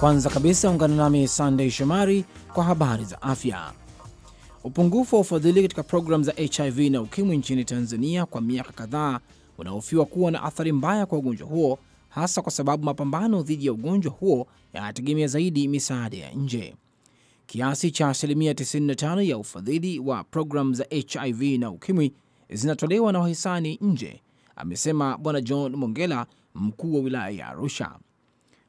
Kwanza kabisa ungana nami sandey Shomari kwa habari za afya. Upungufu wa ufadhili katika programu za HIV na ukimwi nchini Tanzania kwa miaka kadhaa unahofiwa kuwa na athari mbaya kwa ugonjwa huo, hasa kwa sababu mapambano dhidi ya ugonjwa huo yanategemea zaidi misaada ya nje. Kiasi cha asilimia 95 ya ufadhili wa programu za HIV na ukimwi zinatolewa na wahisani nje, amesema Bwana John Mongela, mkuu wa wilaya ya Arusha.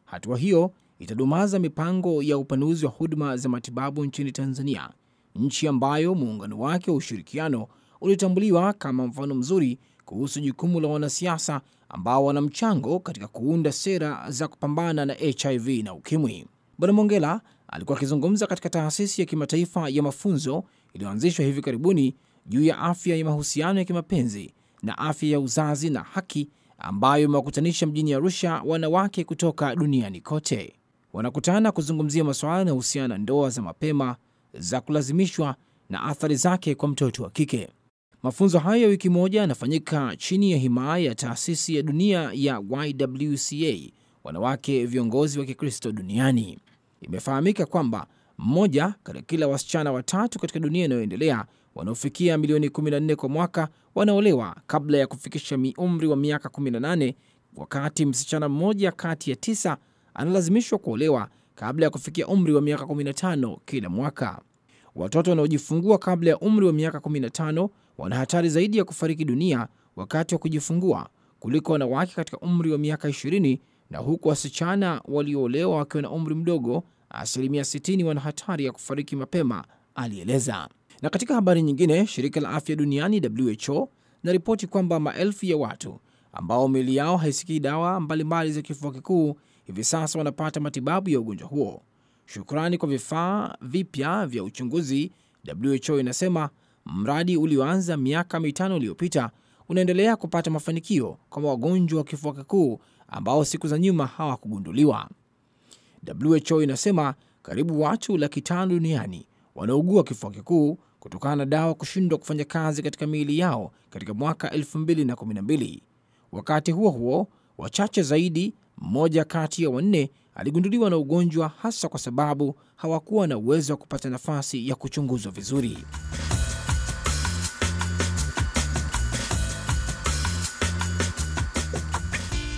Hatua hiyo itadumaza mipango ya upanuzi wa huduma za matibabu nchini Tanzania, nchi ambayo muungano wake wa ushirikiano ulitambuliwa kama mfano mzuri kuhusu jukumu la wanasiasa ambao wana mchango katika kuunda sera za kupambana na HIV na ukimwi. Bwana Mongela alikuwa akizungumza katika taasisi ya kimataifa ya mafunzo iliyoanzishwa hivi karibuni juu ya afya ya mahusiano ya kimapenzi na afya ya uzazi na haki ambayo imewakutanisha mjini Arusha wanawake kutoka duniani kote wanakutana kuzungumzia masuala yanayohusiana na ndoa za mapema za kulazimishwa na athari zake kwa mtoto wa kike. Mafunzo hayo ya wiki moja yanafanyika chini ya himaya ya taasisi ya dunia ya YWCA, wanawake viongozi wa Kikristo duniani. Imefahamika kwamba mmoja katika kila wasichana watatu katika dunia inayoendelea wanaofikia milioni 14 kwa mwaka wanaolewa kabla ya kufikisha umri wa miaka 18, wakati msichana mmoja kati ya tisa analazimishwa kuolewa kabla ya kufikia umri wa miaka 15 kila mwaka. Watoto wanaojifungua kabla ya umri wa miaka 15 wana hatari zaidi ya kufariki dunia wakati wa kujifungua kuliko wanawake katika umri wa miaka 20, na huku wasichana walioolewa wakiwa na umri mdogo, asilimia 60 wana hatari ya kufariki mapema, alieleza. Na katika habari nyingine, shirika la afya duniani WHO ripoti kwamba maelfu ya watu ambao miili yao haisikii dawa mbalimbali za kifua kikuu hivi sasa wanapata matibabu ya ugonjwa huo. Shukrani kwa vifaa vipya vya uchunguzi, WHO inasema mradi ulioanza miaka mitano iliyopita unaendelea kupata mafanikio kwa wagonjwa wa kifua kikuu ambao siku za nyuma hawakugunduliwa. WHO inasema karibu watu laki tano duniani wanaugua kifua kikuu kutokana na dawa kushindwa kufanya kazi katika miili yao katika mwaka 2012. Wakati huo huo, wachache zaidi mmoja kati ya wanne aligunduliwa na ugonjwa hasa kwa sababu hawakuwa na uwezo wa kupata nafasi ya kuchunguzwa vizuri.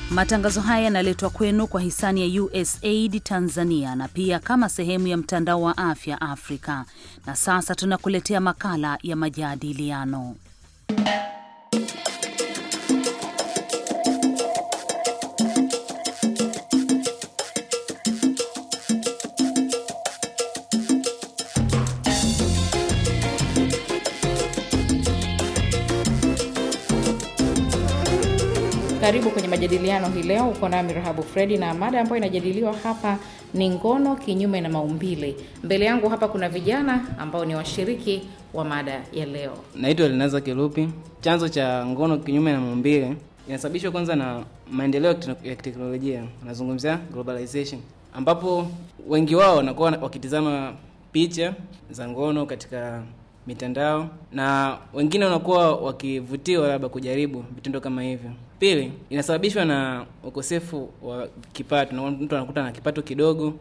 Matangazo haya yanaletwa kwenu kwa hisani ya USAID Tanzania na pia kama sehemu ya mtandao wa afya Afrika. Na sasa tunakuletea makala ya majadiliano. Karibu kwenye majadiliano hii leo, uko nami Rahabu Fredi, na mada ambayo inajadiliwa hapa ni ngono kinyume na maumbile. Mbele yangu hapa kuna vijana ambao ni washiriki wa mada ya leo. Naitwa Linaza Kirupi. Chanzo cha ngono kinyume na maumbile inasababishwa kwanza na maendeleo ya teknolojia, nazungumzia globalization, ambapo wengi wao wanakuwa wakitizama picha za ngono katika mitandao, na wengine wanakuwa wakivutiwa labda kujaribu vitendo kama hivyo. Pili, inasababishwa na ukosefu wa kipato, na mtu anakuta na kipato kidogo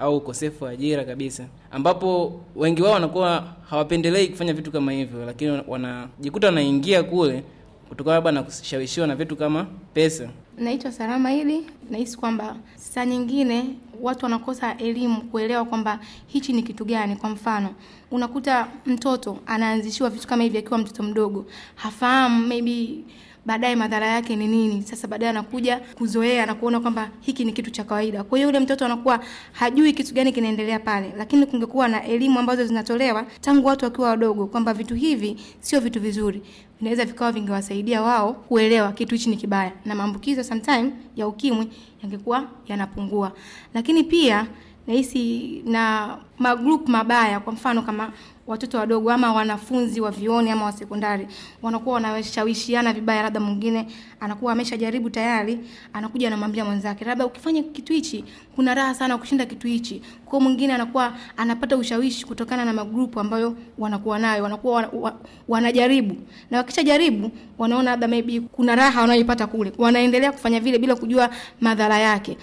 au ukosefu wa ajira kabisa, ambapo wengi wao wanakuwa hawapendelei kufanya vitu kama hivyo, lakini wanajikuta wanaingia kule kutokana labda na kushawishiwa na vitu kama pesa. Naitwa Salama Idi. Nahisi kwamba saa nyingine watu wanakosa elimu kuelewa kwamba hichi ni kitu gani. Kwa mfano, unakuta mtoto anaanzishiwa vitu kama hivi akiwa mtoto mdogo, hafahamu maybe baadaye madhara yake ni nini. Sasa baadaye anakuja kuzoea na kuona kwamba hiki ni kitu cha kawaida. Kwa hiyo yule mtoto anakuwa hajui kitu gani kinaendelea pale, lakini kungekuwa na elimu ambazo zinatolewa tangu watu wakiwa wadogo kwamba vitu hivi sio vitu vizuri, vinaweza vikawa vingewasaidia wao kuelewa kitu hichi ni kibaya, na maambukizo sometime ya ukimwi yangekuwa yanapungua. Lakini pia nahisi na magrupu mabaya, kwa mfano kama watoto wadogo ama wanafunzi wa vioni ama wa sekondari wanakuwa wanashawishiana vibaya, labda mwingine anakuwa ameshajaribu tayari, anakuja anamwambia mwenzake, labda ukifanya kitu hichi kuna raha sana kushinda kitu hichi. Kwa mwingine anakuwa anapata ushawishi kutokana na magrupu ambayo wanakuwa nayo, wanakuwa wana, wa, wanajaribu, na wakishajaribu wanaona labda maybe kuna raha wanayoipata kule, wanaendelea kufanya vile bila kujua madhara yake.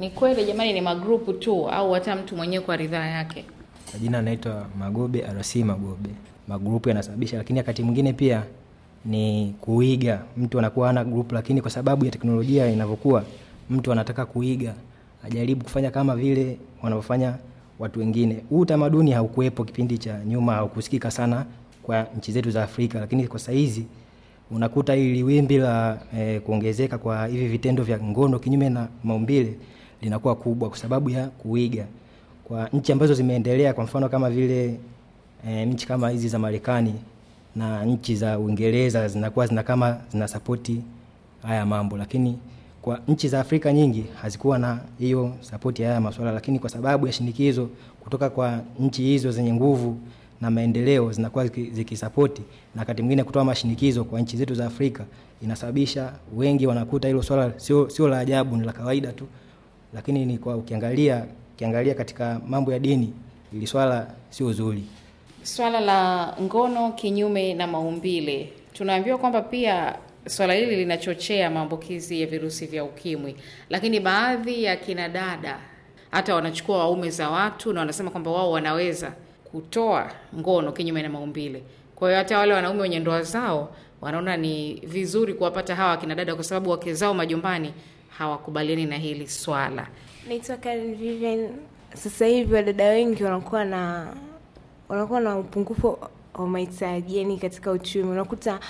Ni kweli jamani, ni magrupu tu au hata mtu mwenyewe kwa ridhaa yake. Kwa jina anaitwa Magobe RC Magobe. Magrupu yanasababisha, lakini wakati mwingine pia ni kuiga. Mtu anakuwa ana grupu, lakini kwa sababu ya teknolojia inavyokuwa, mtu anataka kuiga, ajaribu kufanya kama vile wanavyofanya watu wengine. Huu utamaduni haukuwepo kipindi cha nyuma, haukusikika sana kwa nchi zetu za Afrika, lakini kwa sahizi unakuta hili wimbi la e, kuongezeka kwa hivi vitendo vya ngono kinyume na maumbile linakuwa kubwa kwa sababu ya kuiga kwa nchi ambazo zimeendelea, kwa mfano kama vile e, nchi kama hizi za Marekani na nchi za Uingereza zinakuwa zina kama zina sapoti haya mambo, lakini kwa nchi za Afrika nyingi hazikuwa na hiyo sapoti haya masuala, lakini kwa sababu ya shinikizo kutoka kwa nchi hizo zenye nguvu na maendeleo zinakuwa zikisapoti na wakati mwingine kutoa mashinikizo kwa nchi zetu za Afrika, inasababisha wengi wanakuta hilo swala sio, sio la ajabu, ni la kawaida tu, lakini ni kwa ukiangalia ukiangalia katika mambo ya dini ili swala sio zuri. Swala la ngono kinyume na maumbile, tunaambiwa kwamba pia swala hili linachochea maambukizi ya virusi vya ukimwi, lakini baadhi ya kina dada hata wanachukua waume za watu na wanasema kwamba wao wanaweza kutoa ngono kinyume na maumbile. Kwa hiyo hata wale wanaume wenye ndoa zao wanaona ni vizuri kuwapata hawa kina dada, kwa sababu wake zao majumbani hawakubaliani na hili swala. Naitwa Karen Vivian. Sasa hivi wadada wengi wanakuwa na wanakuwa na upungufu wa mahitaji, yani katika uchumi unakuta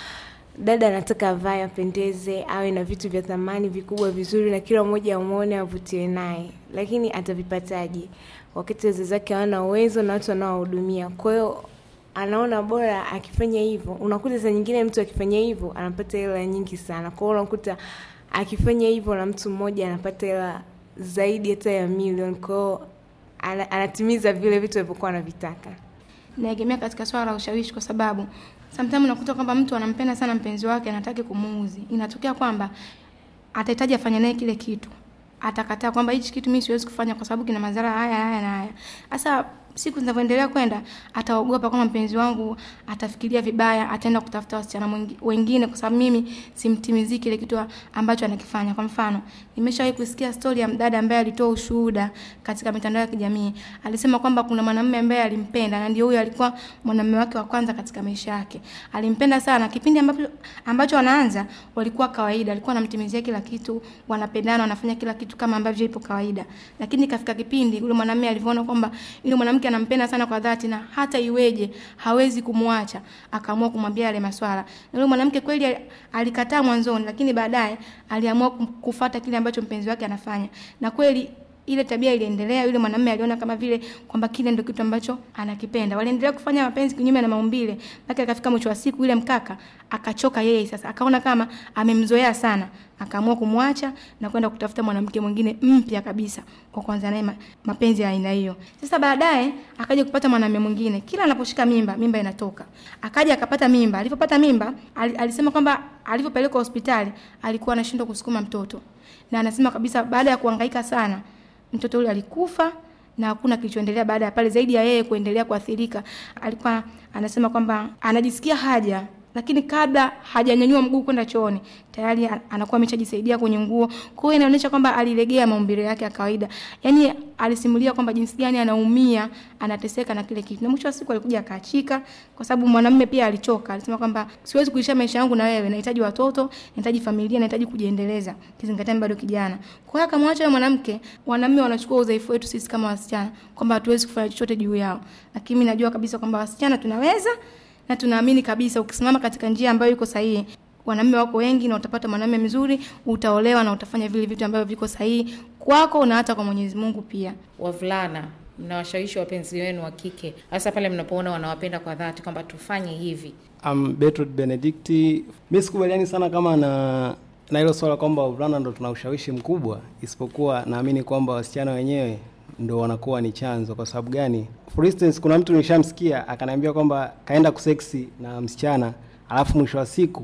dada anataka avae, apendeze, awe na vitu vya thamani vikubwa vizuri, na kila mmoja amwone, avutiwe naye, lakini atavipataje wakati wazazi zake hawana uwezo na watu wanaohudumia? Kwa hiyo anaona bora akifanya hivyo. Unakuta saa nyingine mtu akifanya hivyo anapata hela nyingi sana, kwa hiyo unakuta akifanya hivyo na mtu mmoja anapata hela zaidi hata ya milioni. Kwa hiyo anatimiza vile vitu alivyokuwa anavitaka. Naegemea katika swala la ushawishi, kwa sababu sometimes unakuta kwamba mtu anampenda sana mpenzi wake, anataka kumuuzi. Inatokea kwamba atahitaji afanye naye kile kitu, atakataa kwamba hichi kitu mimi siwezi kufanya kwa sababu kina madhara haya haya na haya. Sasa siku zinavyoendelea kwenda ataogopa kwamba mpenzi wangu atafikiria vibaya, ataenda kutafuta wasichana wengine, kwa sababu mimi simtimizii kile kitu ambacho anakifanya. Kwa mfano, nimeshawahi kusikia stori ya mdada ambaye alitoa ushuhuda katika mitandao ya kijamii. Alisema kwamba kuna mwanamume ambaye alimpenda na ndio huyo alikuwa mwanamume wake wa kwanza katika maisha yake. Alimpenda sana. Kipindi ambacho ambacho wanaanza walikuwa kawaida, alikuwa anamtimizia kila kitu, wanapendana, wanafanya kila kitu kama ambavyo ipo kawaida, lakini kafika kipindi yule mwanamume alivyoona kwamba yule mwanamke mwanamke anampenda sana kwa dhati na hata iweje hawezi kumwacha, akaamua kumwambia yale maswala. Na yule mwanamke kweli alikataa mwanzoni, lakini baadaye aliamua kufata kile ambacho mpenzi wake anafanya, na kweli ile tabia iliendelea. Yule mwanamume aliona kama vile kwamba kile ndio kitu ambacho anakipenda, waliendelea kufanya mapenzi kinyume na maumbile, mpaka ikafika mwisho wa siku yule mkaka akachoka yeye, sasa akaona kama amemzoea sana, akaamua kumwacha na kwenda kutafuta mwanamke mwingine mpya kabisa, kwa kwanza naye mapenzi ya aina hiyo. Sasa baadaye akaja kupata mwanamume mwingine, kila anaposhika mimba, mimba inatoka. Akaja akapata mimba, alipopata mimba al, alisema kwamba alivyopelekwa hospitali alikuwa anashindwa kusukuma mtoto, na anasema kabisa baada ya kuhangaika sana mtoto yule alikufa na hakuna kilichoendelea baada ya pale, zaidi ya yeye kuendelea kuathirika. Alikuwa anasema kwamba anajisikia haja lakini kabla hajanyanyua mguu kwenda chooni tayari anakuwa ameshajisaidia kwenye nguo. Kwa hiyo inaonyesha kwamba alilegea maumbile yake ya kawaida, yaani alisimulia kwamba jinsi gani anaumia, anateseka na kile kitu, na mwisho wa siku alikuja akaachika, kwa sababu mwanamume pia alichoka. Alisema kwamba siwezi kuisha maisha yangu na wewe, nahitaji watoto, nahitaji familia, nahitaji kujiendeleza, kizingatia bado kijana. Kwa hiyo akamwacha yule mwanamke. Wanaume wanachukua udhaifu wetu sisi kama wasichana, kwamba hatuwezi kufanya chochote juu yao, lakini najua kabisa kwamba wasichana tunaweza na tunaamini kabisa ukisimama katika njia ambayo iko sahihi wanaume wako wengi na utapata mwanaume mzuri, utaolewa na utafanya vile vitu ambavyo viko sahihi kwako na hata kwa Mwenyezi Mungu pia. Wavulana, mnawashawishi wapenzi wenu wa kike, hasa pale mnapoona wanawapenda kwa dhati, kwamba tufanye hivi. Um, Bertrand mi sikubaliani sana kama na na hilo swala kwamba wavulana ndo tuna ushawishi mkubwa, isipokuwa naamini kwamba wasichana wenyewe ndo wanakuwa ni chanzo. Kwa sababu gani? For instance, kuna mtu nishamsikia akaniambia kwamba kaenda kuseksi na msichana, alafu mwisho wa siku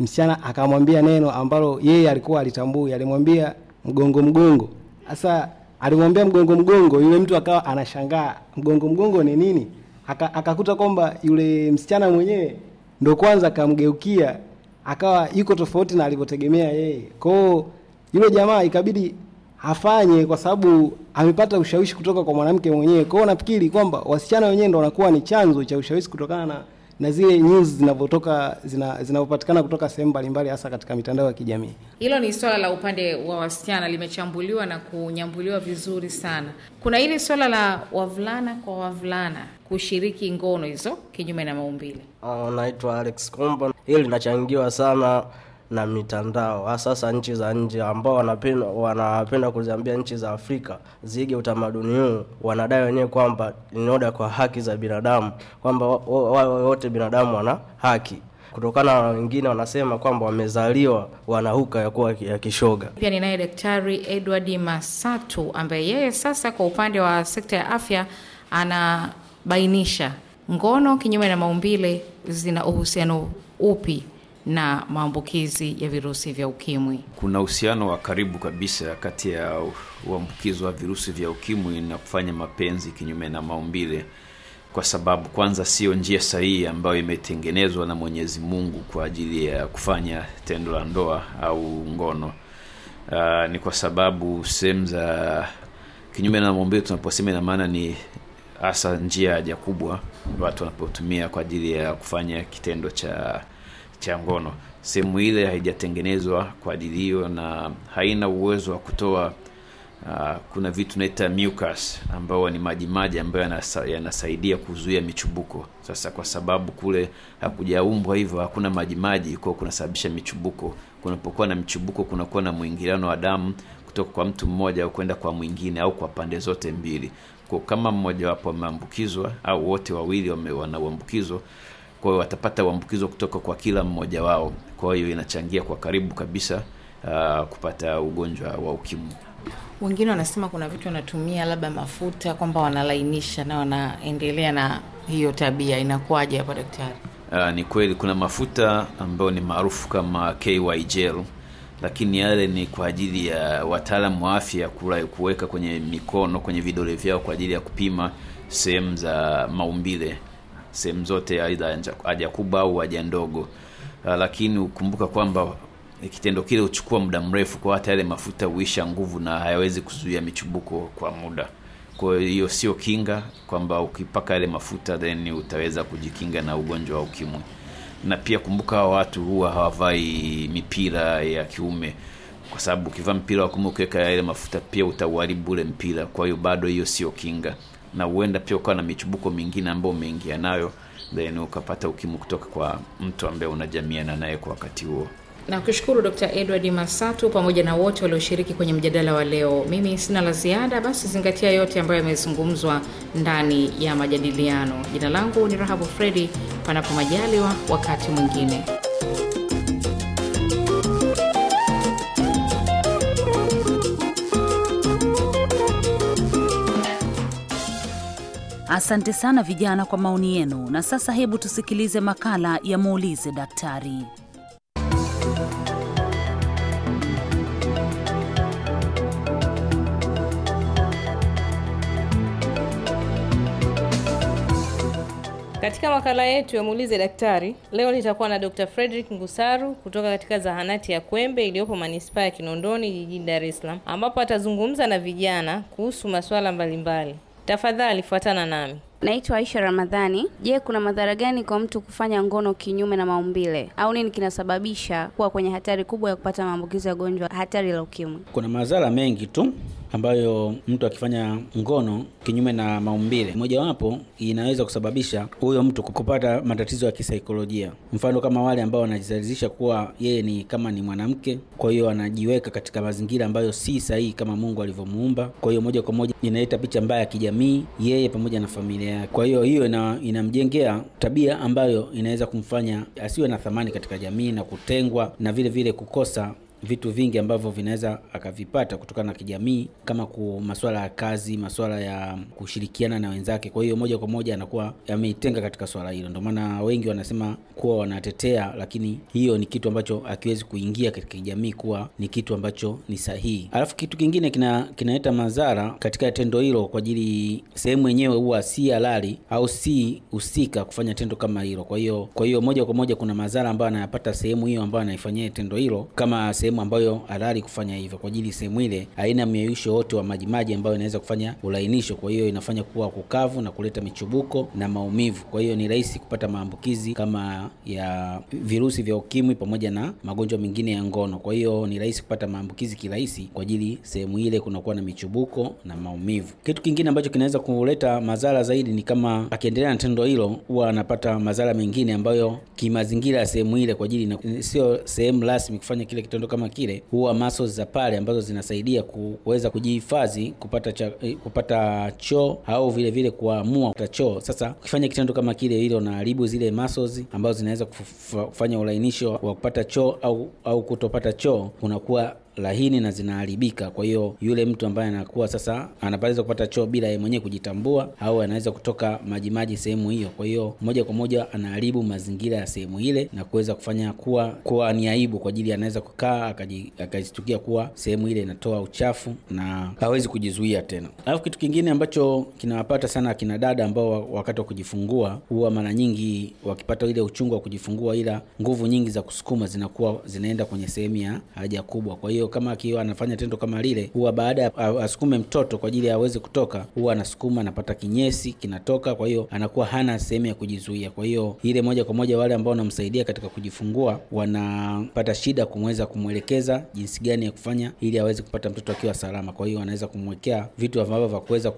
msichana akamwambia neno ambalo yeye alikuwa alitambui, alimwambia mgongo mgongo. Sasa alimwambia mgongo mgongo, yule mtu akawa anashangaa mgongo mgongo ni nini, akakuta aka kwamba yule msichana mwenyewe ndo kwanza akamgeukia, akawa yuko tofauti na alivyotegemea yeye. Kwao yule jamaa ikabidi afanye kwa sababu amepata ushawishi kutoka kwa mwanamke mwenyewe. Kwa hiyo nafikiri kwamba wasichana wenyewe ndo wanakuwa ni chanzo cha ushawishi kutokana na, na zile news zinavyotoka zinavyopatikana kutoka sehemu mbalimbali hasa katika mitandao ya kijamii. Hilo ni swala la upande wa wasichana limechambuliwa na kunyambuliwa vizuri sana. Kuna ile swala la wavulana kwa wavulana kushiriki ngono hizo kinyume na maumbile. Uh, naitwa Alex Komba. Hili linachangiwa sana na mitandao, sasa nchi za nje ambao wanapenda wanapenda kuziambia nchi za Afrika zige utamaduni huu, wanadai wenyewe kwamba ni oda kwa haki za binadamu, kwamba wao wote binadamu wana haki kutokana na wengine wanasema kwamba wamezaliwa wanahuka ya kuwa ya kishoga. Pia ni naye Daktari Edward Masatu ambaye yeye sasa kwa upande wa sekta ya afya anabainisha ngono kinyume na maumbile zina uhusiano upi na maambukizi ya virusi vya ukimwi. Kuna uhusiano wa karibu kabisa kati ya uambukizi wa virusi vya ukimwi na kufanya mapenzi kinyume na maumbile, kwa sababu kwanza, siyo njia sahihi ambayo imetengenezwa na Mwenyezi Mungu kwa ajili ya kufanya tendo la ndoa au ngono. Uh, ni kwa sababu sehemu za kinyume na maumbile tunaposema, ina maana ni hasa njia haja kubwa watu wanapotumia kwa ajili ya kufanya kitendo cha cha ngono. Sehemu ile haijatengenezwa kwa ajili hiyo na haina uwezo wa kutoa Uh, kuna vitu naita mucus ambao ni majimaji ambayo yanasaidia kuzuia michubuko. Sasa kwa sababu kule hakujaumbwa hivyo, hakuna majimaji, kwa kunasababisha michubuko. Kunapokuwa na michubuko, kunakuwa na mwingiliano wa damu kutoka kwa mtu mmoja au kwenda kwa mwingine au kwa pande zote mbili. Kwa kama mmojawapo ameambukizwa au wote wawili wana uambukizo kwa hiyo watapata uambukizo kutoka kwa kila mmoja wao. Kwa hiyo inachangia kwa karibu kabisa uh, kupata ugonjwa wa ukimwi. Wengine wanasema kuna vitu wanatumia labda mafuta kwamba wanalainisha na wanaendelea na hiyo tabia, inakuwaje hapa daktari? Uh, ni kweli kuna mafuta ambayo ni maarufu kama KY lakini yale ni kwa ajili ya wataalamu wa afya kuweka kwenye mikono, kwenye vidole vyao kwa ajili ya kupima sehemu za maumbile sehemu zote aidha haja kubwa au haja ndogo uh, lakini ukumbuka kwamba kitendo kile huchukua muda mrefu kwa hata yale mafuta huisha nguvu na hayawezi kuzuia michubuko kwa muda kwa hiyo sio kinga kwamba ukipaka yale mafuta then utaweza kujikinga na ugonjwa wa ukimwi na pia kumbuka hawa watu huwa hawavai mipira ya kiume kwa sababu ukivaa mpira wa kiume ukiweka yale mafuta pia utauharibu ule mpira kwa hiyo bado hiyo sio kinga na huenda pia ukawa na michubuko mingine ambayo umeingia nayo then ukapata ukimu kutoka kwa mtu ambaye unajamiana naye kwa wakati huo. Na kushukuru Dr. Edward Masatu pamoja na wote walioshiriki kwenye mjadala wa leo. Mimi sina la ziada, basi zingatia yote ambayo yamezungumzwa ndani ya majadiliano. Jina langu ni Rahabu Fredi, panapo majaliwa wakati mwingine. Asante sana vijana kwa maoni yenu, na sasa hebu tusikilize makala ya muulize daktari. Katika makala yetu ya muulize daktari leo nitakuwa na Dr. Frederick Ngusaru kutoka katika zahanati ya Kwembe iliyopo manispaa ya Kinondoni jijini Dar es Salaam, ambapo atazungumza na vijana kuhusu masuala mbalimbali. Tafadhali fuatana nami. Naitwa Aisha Ramadhani. Je, kuna madhara gani kwa mtu kufanya ngono kinyume na maumbile au nini kinasababisha kuwa kwenye hatari kubwa ya kupata maambukizi ya gonjwa hatari la ukimwi? Kuna madhara mengi tu ambayo mtu akifanya ngono kinyume na maumbile, mojawapo inaweza kusababisha huyo mtu kupata matatizo ya kisaikolojia. Mfano kama wale ambao wanajizalizisha kuwa yeye ni kama ni mwanamke, kwa hiyo anajiweka katika mazingira ambayo si sahihi kama Mungu alivyomuumba. Kwa hiyo moja kwa moja inaleta picha mbaya ya kijamii, yeye pamoja na familia yake. Kwa hiyo hiyo ina, inamjengea tabia ambayo inaweza kumfanya asiwe na thamani katika jamii na kutengwa na vile vile kukosa vitu vingi ambavyo vinaweza akavipata kutokana na kijamii, kama ku masuala ya kazi, masuala ya kushirikiana na wenzake. Kwa hiyo moja kwa moja anakuwa ameitenga katika swala hilo, ndio maana wengi wanasema kuwa wanatetea, lakini hiyo ni kitu ambacho akiwezi kuingia katika kijamii kuwa ni kitu ambacho ni sahihi. Alafu kitu kingine kina kinaleta madhara katika tendo hilo, kwa ajili sehemu yenyewe huwa si halali au si husika kufanya tendo kama hilo. Kwa hiyo kwa hiyo moja kwa moja kuna madhara ambayo anayapata sehemu hiyo ambayo anaifanyia tendo hilo kama sehemu ambayo halali kufanya hivyo, kwa ajili sehemu ile haina meyusho wote wa majimaji ambayo inaweza kufanya ulainisho, kwa hiyo inafanya kuwa kukavu na kuleta michubuko na maumivu. Kwa hiyo ni rahisi kupata maambukizi kama ya virusi vya ukimwi pamoja na magonjwa mengine ya ngono. Kwa hiyo ni rahisi kupata maambukizi kirahisi, kwa ajili sehemu ile kunakuwa na michubuko na maumivu. Kitu kingine ambacho kinaweza kuleta madhara zaidi ni kama akiendelea na tendo hilo, huwa anapata madhara mengine ambayo kimazingira ya sehemu ile, kwa ajili sio sehemu rasmi kufanya kile kitendo kama kile, huwa muscles za pale ambazo zinasaidia kuweza kujihifadhi kupata cha, eh, kupata choo au vile vile kuamua kupata choo. Sasa ukifanya kitendo kama kile, ile unaharibu zile muscles ambazo zinaweza kufanya ulainisho wa kupata choo au, au kutopata choo, unakuwa laini na zinaharibika. Kwa hiyo yule mtu ambaye anakuwa sasa anapaliza kupata choo bila yeye mwenyewe kujitambua, au anaweza kutoka majimaji sehemu hiyo. Kwa hiyo moja kwa moja anaharibu mazingira ya sehemu ile na kuweza kufanya kuwa kuwa ni aibu kwa ajili, anaweza kukaa akajitukia kuwa sehemu ile inatoa uchafu na hawezi kujizuia tena. Alafu kitu kingine ambacho kinawapata sana akina dada ambao wakati wa kujifungua huwa mara nyingi wakipata ile uchungu wa kujifungua, ila nguvu nyingi za kusukuma zinakuwa zinaenda kwenye sehemu ya haja kubwa, kwa hiyo kama akiwa anafanya tendo kama lile, huwa baada ya asukume mtoto kwa ajili ya aweze kutoka, huwa anasukuma, anapata kinyesi kinatoka, kwa hiyo anakuwa hana sehemu ya kujizuia. Kwa hiyo ile moja kwa moja wale ambao wanamsaidia katika kujifungua wanapata shida kumweza kumwelekeza jinsi gani ya kufanya ili aweze kupata mtoto akiwa salama. Kwa hiyo anaweza kumwekea vitu ambavyo vya kuweza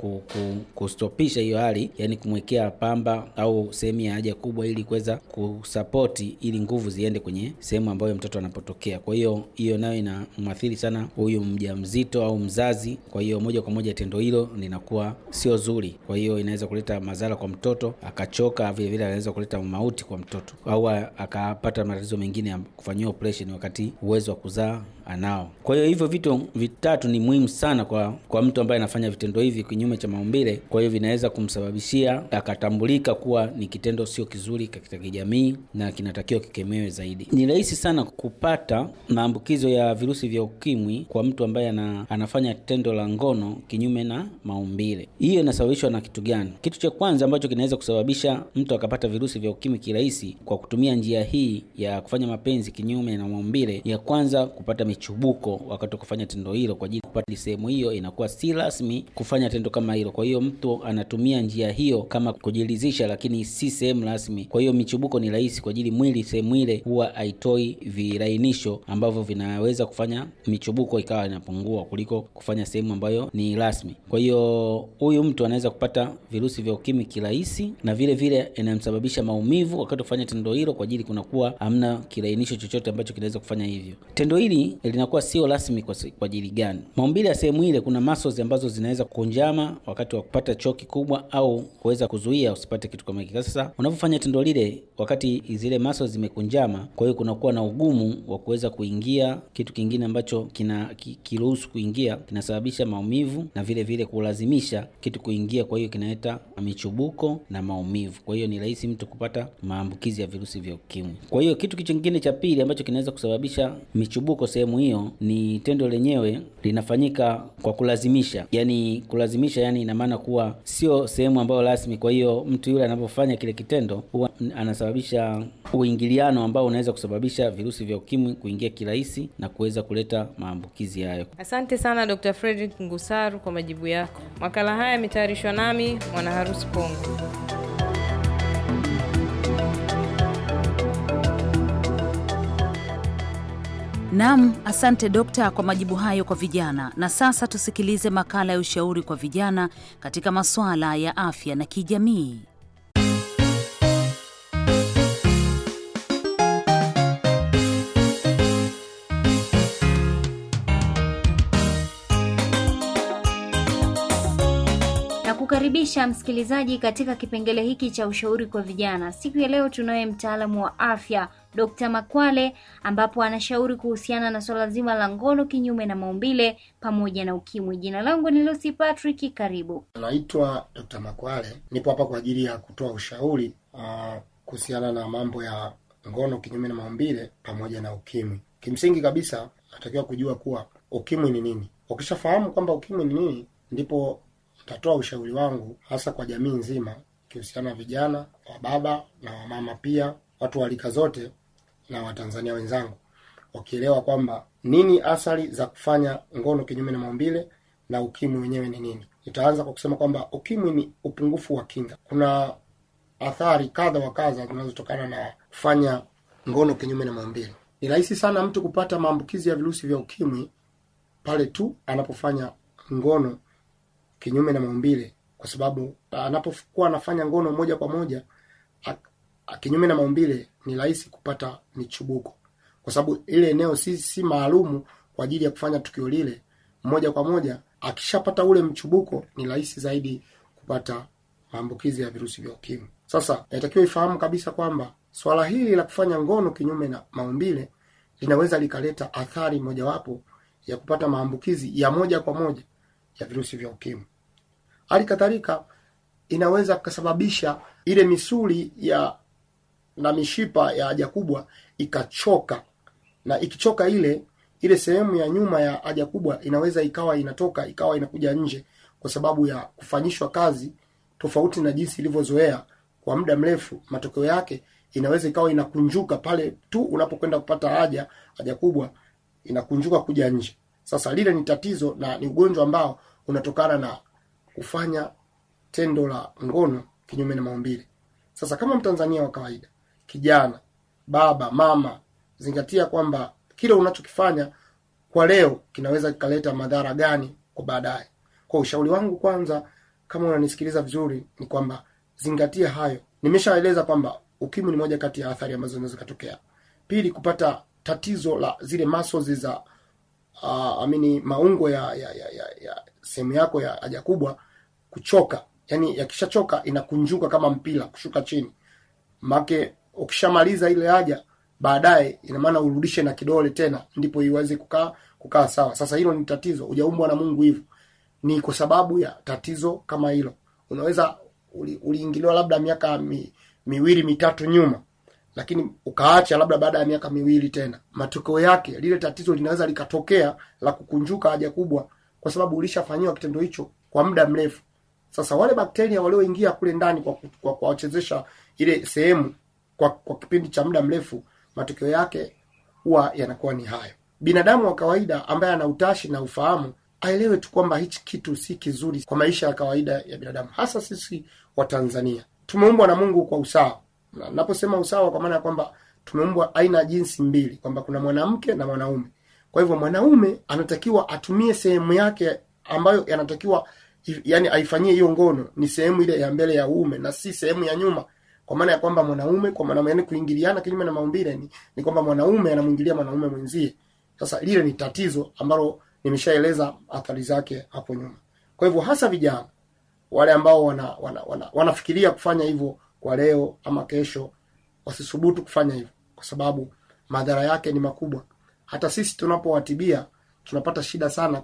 kustopisha hiyo hali, yani kumwekea pamba au sehemu ya haja kubwa, ili kuweza kusapoti ili nguvu ziende kwenye sehemu ambayo mtoto anapotokea. Kwa hiyo hiyo nayo ina linaathiri sana huyu mjamzito au mzazi. Kwa hiyo moja kwa moja tendo hilo linakuwa sio zuri, kwa hiyo inaweza kuleta madhara kwa mtoto akachoka, vile vile anaweza kuleta mauti kwa mtoto au akapata matatizo mengine ya kufanyiwa operation wakati uwezo wa kuzaa anao. Kwa hiyo hivyo vitu vitatu ni muhimu sana kwa, kwa mtu ambaye anafanya vitendo hivi kinyume cha maumbile. Kwa hiyo vinaweza kumsababishia akatambulika kuwa ni kitendo sio kizuri katika kijamii na kinatakiwa kikemewe zaidi. Ni rahisi sana kupata maambukizo ya virusi vya ukimwi kwa mtu ambaye ana, anafanya tendo la ngono kinyume na maumbile. Hiyo inasababishwa na kitu gani? Kitu cha kwanza ambacho kinaweza kusababisha mtu akapata virusi vya ukimwi kirahisi kwa kutumia njia hii ya kufanya mapenzi kinyume na maumbile, ya kwanza kupata chubuko wakati wa kufanya tendo hilo, kwa ajili kupata sehemu hiyo inakuwa si rasmi kufanya tendo kama hilo. Kwa hiyo mtu anatumia njia hiyo kama kujilizisha, lakini si sehemu rasmi. Kwa hiyo michubuko ni rahisi kwa ajili mwili sehemu ile huwa haitoi virainisho ambavyo vinaweza kufanya michubuko ikawa inapungua kuliko kufanya sehemu ambayo ni rasmi. Kwa hiyo huyu mtu anaweza kupata virusi vya ukimwi kirahisi, na vile vile inamsababisha maumivu wakati kufanya tendo hilo, kwa ajili kunakuwa hamna kirainisho chochote ambacho kinaweza kufanya hivyo. Tendo hili linakuwa sio rasmi kwa ajili gani. Maumbile ya sehemu ile, kuna muscles ambazo zinaweza kukunjama wakati wa kupata choo kikubwa au kuweza kuzuia usipate kitu kama hiki. Sasa unapofanya tendo lile, wakati zile muscles zimekunjama, kwa hiyo kunakuwa na ugumu wa kuweza kuingia kitu kingine ambacho kina kiruhusu kuingia, kinasababisha maumivu na vile vile kulazimisha kitu kuingia, kwa hiyo kinaleta michubuko na maumivu. Kwa hiyo ni rahisi mtu kupata maambukizi ya virusi vya ukimwi. Kwa hiyo kitu kingine cha pili ambacho kinaweza kusababisha michubuko sehemu sehemu hiyo ni tendo lenyewe linafanyika kwa kulazimisha, yani kulazimisha, yani ina maana kuwa sio sehemu ambayo rasmi. Kwa hiyo mtu yule anapofanya kile kitendo huwa anasababisha uingiliano ambao unaweza kusababisha virusi vya ukimwi kuingia kirahisi na kuweza kuleta maambukizi hayo. Asante sana Dr. Frederick Ngusaru kwa majibu yako. Makala haya yametayarishwa nami Mwanaharusi Pongo. Naam, asante dokta kwa majibu hayo kwa vijana. Na sasa tusikilize makala ya ushauri kwa vijana katika masuala ya afya na kijamii. Karibisha msikilizaji katika kipengele hiki cha ushauri kwa vijana. Siku ya leo tunaye mtaalamu wa afya Dr. Makwale ambapo anashauri kuhusiana na swala zima la ngono kinyume na maumbile pamoja na ukimwi. Jina langu ni Lucy Patrick, karibu. Naitwa Dr. Makwale, nipo hapa kwa ajili ya kutoa ushauri uh, kuhusiana na mambo ya ngono kinyume na maumbile pamoja na ukimwi. Kimsingi kabisa, natakiwa kujua kuwa ukimwi ni nini. Ukishafahamu kwamba ukimwi ni nini, ndipo nitatoa ushauri wangu hasa kwa jamii nzima, na vijana, wababa na wamama, pia watu wa rika zote na Watanzania wenzangu, wakielewa kwamba nini athari za kufanya ngono kinyume na maumbile na ukimwi wenyewe ni nini. Nitaanza kwa kusema kwamba ukimwi ni upungufu wa kinga. Kuna athari kadha wa kadha zinazotokana na kufanya ngono kinyume na maumbile. Ni rahisi sana mtu kupata maambukizi ya virusi vya ukimwi pale tu anapofanya ngono kinyume na maumbile, kwa sababu anapokuwa anafanya ngono moja kwa moja Ah, kinyume na maumbile ni rahisi kupata michubuko, kwa sababu ile eneo si, si maalumu kwa ajili ya kufanya tukio lile moja kwa moja. Akishapata ule mchubuko, ni rahisi zaidi kupata maambukizi ya virusi vya ukimwi. Sasa inatakiwa ifahamu kabisa kwamba swala hili la kufanya ngono kinyume na maumbile linaweza likaleta athari mojawapo ya kupata maambukizi ya moja kwa moja ya virusi vya ukimwi. Hali kadhalika inaweza kasababisha ile misuli ya na mishipa ya haja kubwa ikachoka, na ikichoka ile ile sehemu ya nyuma ya haja kubwa inaweza ikawa inatoka ikawa inakuja nje kwa sababu ya kufanyishwa kazi tofauti na jinsi ilivyozoea kwa muda mrefu. Matokeo yake inaweza ikawa inakunjuka pale tu unapokwenda kupata haja, haja kubwa inakunjuka kuja nje. Sasa lile ni tatizo na ni ugonjwa ambao unatokana na kufanya tendo la ngono kinyume na maumbile. Sasa kama Mtanzania wa kawaida kijana, baba, mama, zingatia kwamba kile unachokifanya kwa leo kinaweza kikaleta madhara gani kwa baadaye. Kwa ushauri wangu kwanza, kama unanisikiliza vizuri, ni kwamba zingatia hayo. Nimeshaeleza kwamba ukimwi ni moja kati ya athari ambazo zinaweza kutokea. Pili, kupata tatizo la zile masozi za uh, amini maungo ya, ya, ya, ya, ya sehemu yako ya haja kubwa kuchoka, yani yakishachoka inakunjuka kama mpira kushuka chini make ukishamaliza ile haja baadaye, ina maana urudishe na kidole tena, ndipo iweze kukaa kukaa sawa. Sasa hilo ni tatizo, hujaumbwa na Mungu hivyo, ni kwa sababu ya tatizo kama hilo. Unaweza uliingiliwa uli labda miaka mi, miwili mitatu nyuma, lakini ukaacha labda baada ya miaka miwili tena, matokeo yake lile tatizo linaweza likatokea la kukunjuka haja kubwa, kwa sababu ulishafanyiwa kitendo hicho kwa muda mrefu. Sasa wale bakteria walioingia kule ndani kwa kuwachezesha ile sehemu kwa, kwa kipindi cha muda mrefu, matokeo yake huwa yanakuwa ni hayo. Binadamu wa kawaida ambaye ana utashi na ufahamu aelewe tu kwamba hichi kitu si kizuri kwa maisha ya kawaida ya binadamu, hasa sisi Watanzania. Tumeumbwa na Mungu kwa usawa, na naposema usawa kwa maana ya kwamba tumeumbwa aina jinsi mbili, kwamba kuna mwanamke na mwanaume. Kwa hivyo mwanaume anatakiwa atumie sehemu yake ambayo yanatakiwa yani aifanyie hiyo ngono, ni sehemu ile ya mbele ya uume na si sehemu ya nyuma kwa maana ya kwamba mwanaume kwa mwanaume, yani kuingiliana kinyume na maumbile ni, ni kwamba mwanaume anamuingilia mwanaume mwenzie. Sasa lile ni tatizo ambalo nimeshaeleza athari zake hapo nyuma. Kwa hivyo hasa vijana wale ambao wana, wana, wana, wanafikiria kufanya hivyo kwa leo ama kesho, wasisubutu kufanya hivyo, kwa sababu madhara yake ni makubwa. Hata sisi tunapowatibia tunapata shida sana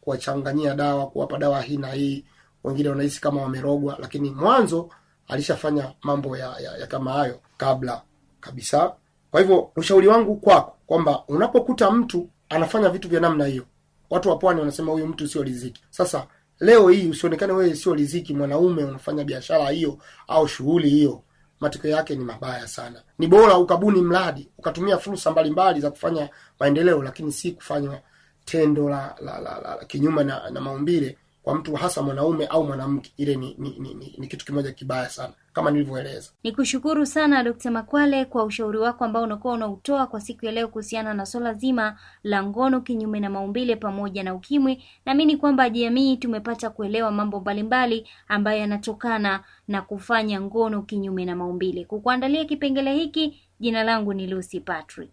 kuwachanganyia ku, ku, dawa, kuwapa dawa hii na hii. Wengine wanahisi kama wamerogwa, lakini mwanzo alishafanya mambo ya, ya, ya kama hayo kabla kabisa. Kwa hivyo ushauri wangu kwako kwamba unapokuta mtu anafanya vitu vya namna hiyo, watu wa pwani wanasema huyu mtu sio riziki. Sasa leo hii usionekane wewe sio riziki, mwanaume unafanya biashara hiyo au shughuli hiyo, matokeo yake ni mabaya sana. Ni bora ukabuni mradi, ukatumia fursa mbalimbali za kufanya maendeleo, lakini si kufanywa tendo la, la, la, la, la kinyuma na, na maumbile kwa mtu hasa mwanaume au mwanamke, ile ni, ni, ni, ni, ni kitu kimoja kibaya sana kama nilivyoeleza. kushukuru sana Dkt. Makwale kwa ushauri wako ambao unakuwa unautoa kwa siku ya leo kuhusiana na swala zima la ngono kinyume na maumbile pamoja na ukimwi. Naamini kwamba jamii tumepata kuelewa mambo mbalimbali ambayo yanatokana na kufanya ngono kinyume na maumbile. Kukuandalia kipengele hiki, jina langu ni Lucy Patrick.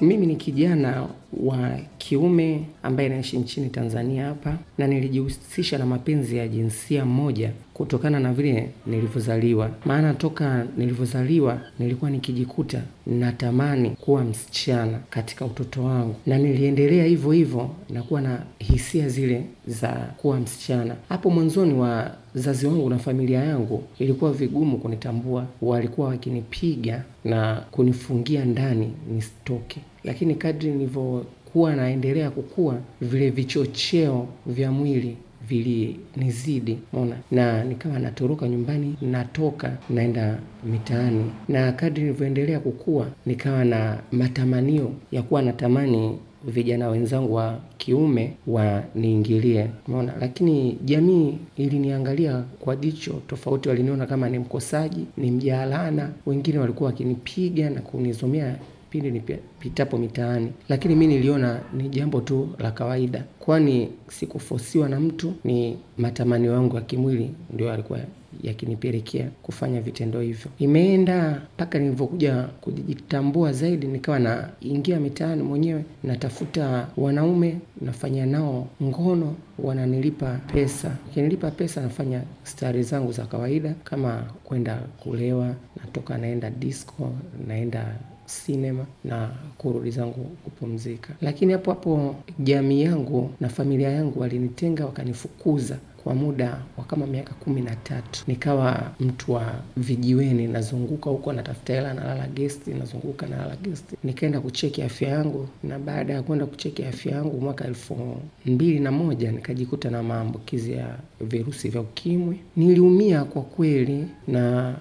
Mimi ni kijana wa kiume ambaye naishi nchini Tanzania hapa na nilijihusisha na mapenzi ya jinsia moja kutokana na vile nilivyozaliwa. Maana toka nilivyozaliwa nilikuwa nikijikuta natamani kuwa msichana katika utoto wangu, na niliendelea hivyo hivyo na kuwa na hisia zile za kuwa msichana. Hapo mwanzoni, wa zazi wangu na familia yangu ilikuwa vigumu kunitambua, walikuwa wakinipiga na kunifungia ndani nisitoke lakini kadri nilivyokuwa naendelea kukua, vile vichocheo vya mwili vilinizidi mona, na nikawa natoroka nyumbani, natoka naenda mitaani, na kadri nilivyoendelea kukua, nikawa na matamanio ya kuwa natamani vijana wenzangu wa kiume waniingilie, mona Lakini jamii iliniangalia kwa jicho tofauti, waliniona kama ni mkosaji, ni mjaalana. Wengine walikuwa wakinipiga na kunizomea pindi nipitapo mitaani, lakini mi niliona ni jambo tu la kawaida, kwani sikufosiwa na mtu, ni matamanio yangu ya kimwili ndio alikuwa yakinipelekea kufanya vitendo hivyo. Imeenda mpaka nilivyokuja kujitambua zaidi, nikawa naingia mitaani mwenyewe, natafuta wanaume, nafanya nao ngono, wananilipa pesa. Kinilipa pesa, nafanya stari zangu za kawaida, kama kwenda kulewa, natoka naenda disco, naenda sinema na kurudi zangu kupumzika. Lakini hapo hapo jamii yangu na familia yangu walinitenga, wakanifukuza kwa muda wa kama miaka kumi na tatu. Nikawa mtu wa vijiweni, nazunguka huko natafuta hela, nalala gesti, nazunguka nalala gesti. Nikaenda kucheki afya yangu, na baada ya kwenda kucheki afya yangu mwaka elfu mbili na moja nikajikuta na maambukizi ya virusi vya ukimwi. Niliumia kwa kweli na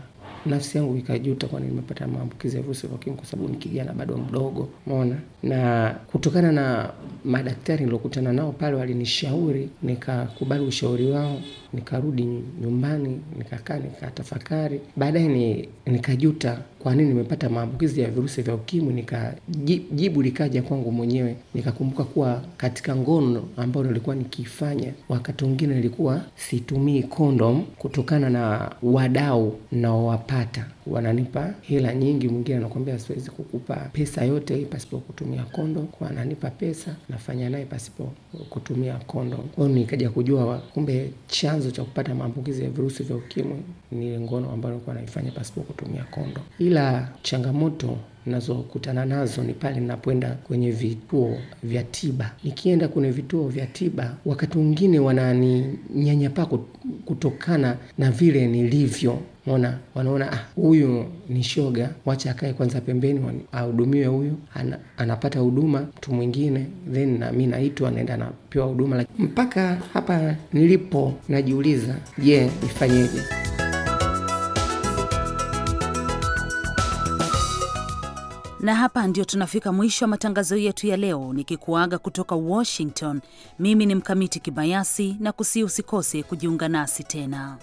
nafsi yangu ikajuta, kwani nimepata maambukizi ya virusi vya ukimwi kwa sababu ni kijana bado mdogo, umeona. Na kutokana na madaktari niliokutana nao pale, walinishauri nikakubali ushauri wao, nikarudi nyumbani, nikakaa nikatafakari. Baadaye ni nikajuta kwa nini nimepata maambukizi ya virusi vya ukimwi, nikajibu likaja kwangu mwenyewe, nikakumbuka kuwa katika ngono ambayo nilikuwa nikifanya wakati mwingine nilikuwa situmii kondom kutokana na wadau naowapata wananipa hela nyingi, mwingine anakwambia siwezi kukupa pesa yote hii pasipo kutumia kondo, kwa ananipa pesa nafanya naye pasipo kutumia kondo. Kwa hiyo nikaja kujua kumbe chanzo cha kupata maambukizi ya virusi vya ukimwi ni ngono ambayo alikuwa naifanya pasipo kutumia kondo. Ila changamoto nazokutana nazo ni pale ninapoenda kwenye vituo vya tiba. Nikienda kwenye vituo vya tiba, wakati mwingine wananinyanyapaa kutokana na vile nilivyo. Mona wanaona ah, huyu ni shoga, wacha akae kwanza pembeni ahudumiwe huyu. Ana, anapata huduma mtu mwingine then nami naitwa naenda napewa huduma mpaka hapa nilipo najiuliza, je, yeah, nifanyeje? na hapa ndio tunafika mwisho wa matangazo yetu ya leo, nikikuaga kutoka Washington. Mimi ni Mkamiti Kibayasi na kusii usikose kujiunga nasi tena.